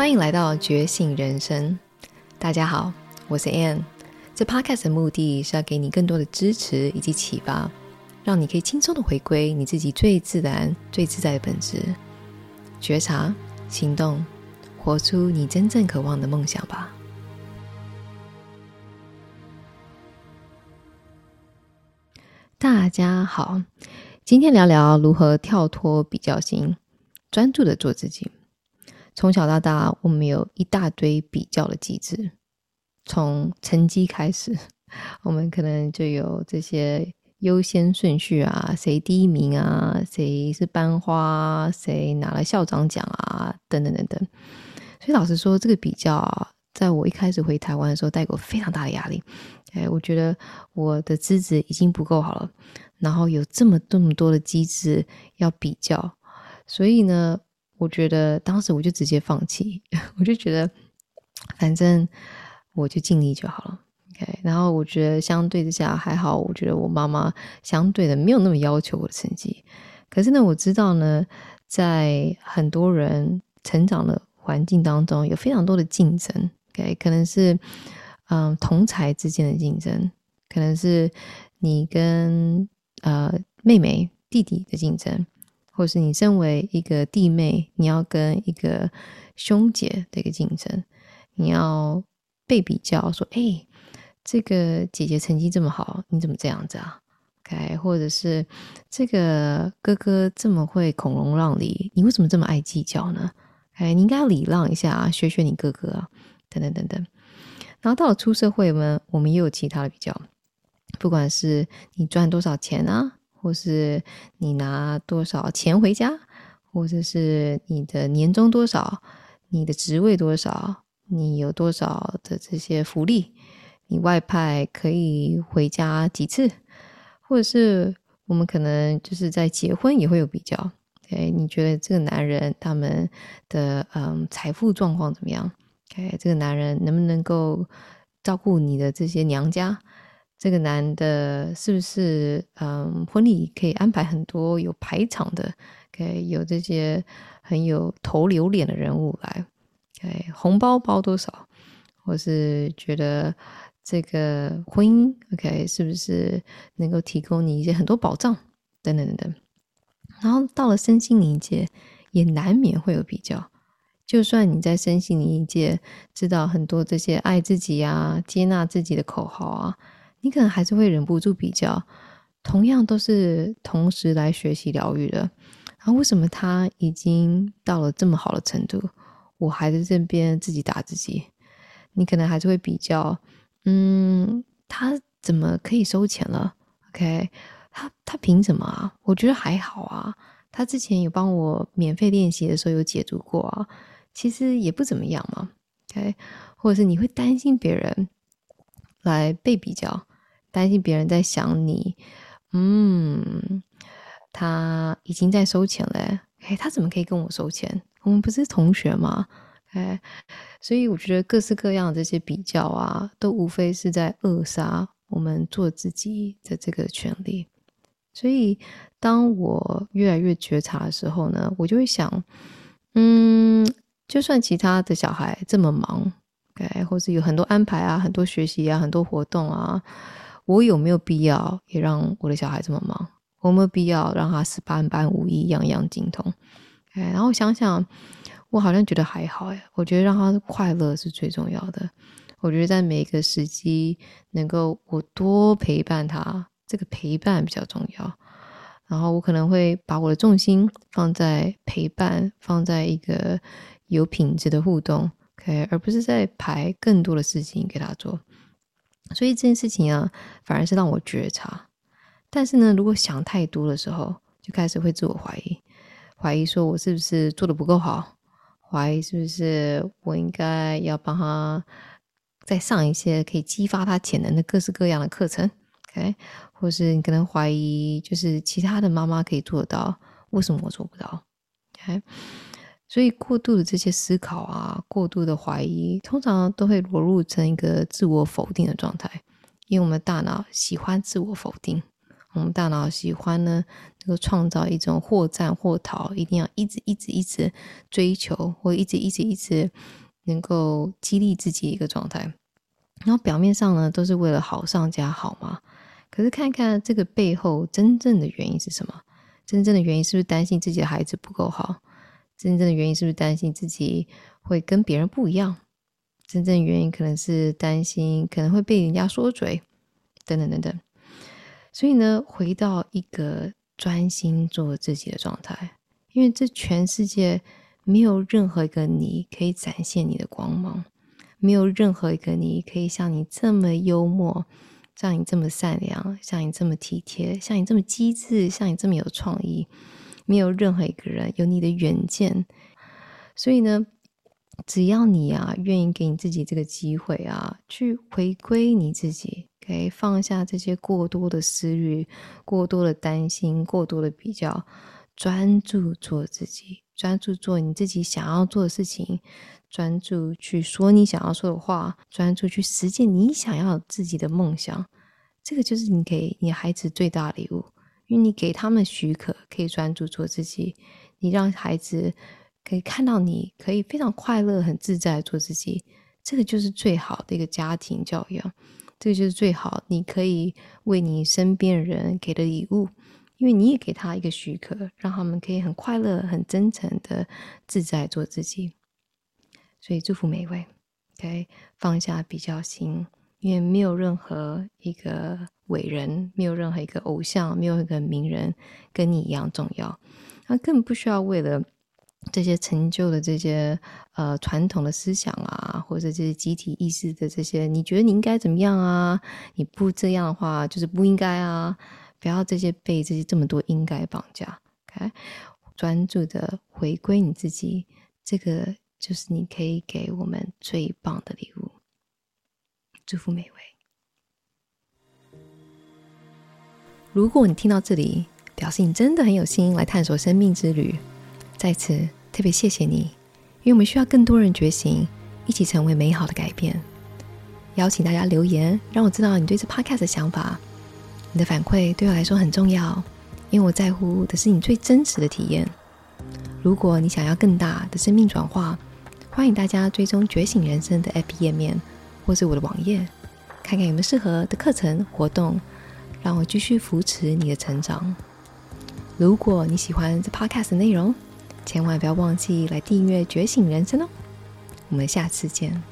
歡迎來到覺醒人生，大家好，我是 Anne。這 Podcast 的目的是要給你更多的支持以及啟發，讓你可以輕鬆的回歸你自己最自然、最自在的本質，覺察、行動，活出你真正渴望的夢想吧。大家好，今天聊聊如何跳脫比較心，專注的做自己。從小到大，我們有一大堆比較的機製。從成績開始，我們可能就有這些優先順序啊，誰第一名啊，誰是班花啊，誰拿了校長獎啊，等等等等。所以老實說，這個比較啊，在我一開始回台灣的時候，帶給我非常大的壓力。哎，我覺得我的資質已經不夠好了，然後有這麼這麼多的機製要比較，所以呢。我覺得當時我就直接放棄，我就覺得反正我就盡力就好了。OK，然後我覺得相對之下還好，我覺得我媽媽相對的沒有那麼要求我的成績。可是呢，我知道呢，在很多人成長的環境當中，有非常多的競爭。OK，可能是嗯、呃、同儕之間的競爭，可能是你跟呃妹妹弟弟的競爭。或者是你身為一個弟妹，你要跟一個兄姐的一個競爭，你要被比較，說：“哎，這個姐姐成績這麼好，你怎麼這樣子啊？” OK，或者是這個哥哥這麼會孔融讓梨，你為什麼這麼愛計較呢？OK，你應該要禮讓一下啊，學學你哥哥啊，等等等等。然後到了出社會呢，我們也有其他的比較，不管是你賺多少錢啊。或是你拿多少錢回家，或者是你的年終多少，你的職位多少，你有多少的這些福利，你外派可以回家幾次，或者是我們可能就是在結婚也會有比較。哎，你覺得這個男人他們的嗯財富狀況怎麼樣？哎，這個男人能不能夠照顧你的這些娘家？這個男的是不是嗯，婚禮可以安排很多有排場的，可、okay? 以有這些很有頭有臉的人物來可以、okay? 紅包包多少？或是覺得這個婚姻 OK，是不是能夠提供你一些很多保障，等等等等。然後到了身心靈界，也難免會有比較。就算你在身心靈界知道很多這些愛自己啊、接納自己的口號啊。你可能還是會忍不住比較，同樣都是同時來學習療癒的，然後為什麼他已經到了這麼好的程度，我還在這邊自己打自己？你可能還是會比較，嗯，他怎麼可以收錢了？OK，他他憑什麼啊？我覺得還好啊，他之前有幫我免費練習的時候有解讀過啊，其實也不怎麼樣嘛。OK，或者是你會擔心別人來被比較。擔心別人在想你，嗯，他已經在收錢嘞。哎、欸，他怎麼可以跟我收錢？我們不是同學嗎？哎、okay，所以我覺得各式各樣的這些比較啊，都無非是在扼殺我們做自己的這個權利。所以，當我越來越覺察的時候呢，我就會想，嗯，就算其他的小孩這麼忙，okay, 或是有很多安排啊，很多學習啊，很多活動啊。我有沒有必要也讓我的小孩這麼忙？我有沒有必要讓他十八般武藝，樣樣精通。哎、okay,，然後想想，我好像覺得還好耶。我覺得讓他的快樂是最重要的。我覺得在每個時機，能夠我多陪伴他，這個陪伴比較重要。然後我可能會把我的重心放在陪伴，放在一個有品質的互動可以、okay, 而不是在排更多的事情給他做。所以這件事情啊，反而是讓我覺察。但是呢，如果想太多的時候，就開始會自我懷疑，懷疑說我是不是做的不夠好，懷疑是不是我應該要幫他再上一些可以激發他潛能的各式各樣的課程，OK？或是你可能懷疑，就是其他的媽媽可以做得到，為什麼我做不到？OK？所以過度的這些思考啊，過度的懷疑，通常都會裸露成一個自我否定的狀態，因為我們大腦喜歡自我否定，我們大腦喜歡呢，能夠創造一種或戰或逃，一定要一直一直一直追求，或一直一直一直能夠激勵自己一個狀態，然後表面上呢，都是為了好上加好嘛，可是看一看這個背後真正的原因是什麼？真正的原因是不是擔心自己的孩子不夠好？真正的原因是不是擔心自己會跟別人不一樣？真正的原因可能是擔心可能會被人家說嘴，等等等等。所以呢，回到一個專心做自己的狀態，因為這全世界沒有任何一個你可以展現你的光芒，沒有任何一個你可以像你這麼幽默，像你這麼善良，像你這麼體貼，像你這麼機智，像你這麼有創意。沒有任何一個人有你的遠見，所以呢，只要你啊願意給你自己這個機會啊，去回歸你自己，可以放下這些過多的思慮、過多的擔心、過多的比較，專注做自己，專注做你自己想要做的事情，專注去說你想要說的話，專注去實現你想要自己的夢想，這個就是你給你孩子最大的禮物。因為你給他們許可，可以專注做自己；你讓孩子可以看到，你可以非常快樂、很自在做自己，這個就是最好的一個家庭教育。這個就是最好，你可以為你身邊人給的禮物，因為你也給他一個許可，讓他們可以很快樂、很真誠的自在做自己。所以，祝福每一位，OK，放下比較心。因為沒有任何一個偉人，沒有任何一個偶像，沒有一個名人跟你一樣重要。他根本不需要為了這些成就的這些呃傳統的思想啊，或者這些集體意識的這些，你覺得你應該怎麼樣啊？你不這樣的話，就是不應該啊！不要這些被這些這麼多應該綁架。OK，專注的回歸你自己，這個就是你可以給我們最棒的禮物。祝福美味。如果你聽到這裡，表示你真的很有心來探索生命之旅。在此特別謝謝你，因為我們需要更多人覺醒，一起成為美好的改變。邀請大家留言，讓我知道你對這 Podcast 的想法。你的反饋對我來說很重要，因為我在乎的是你最真實的體驗。如果你想要更大的生命轉化，歡迎大家追蹤覺醒人生的 FB 頁面。或是我的網頁，看看有沒有適合的課程活動，讓我繼續扶持你的成長。如果你喜歡這 podcast 的內容，千萬不要忘記來訂閱《覺醒人生》哦。我們下次見。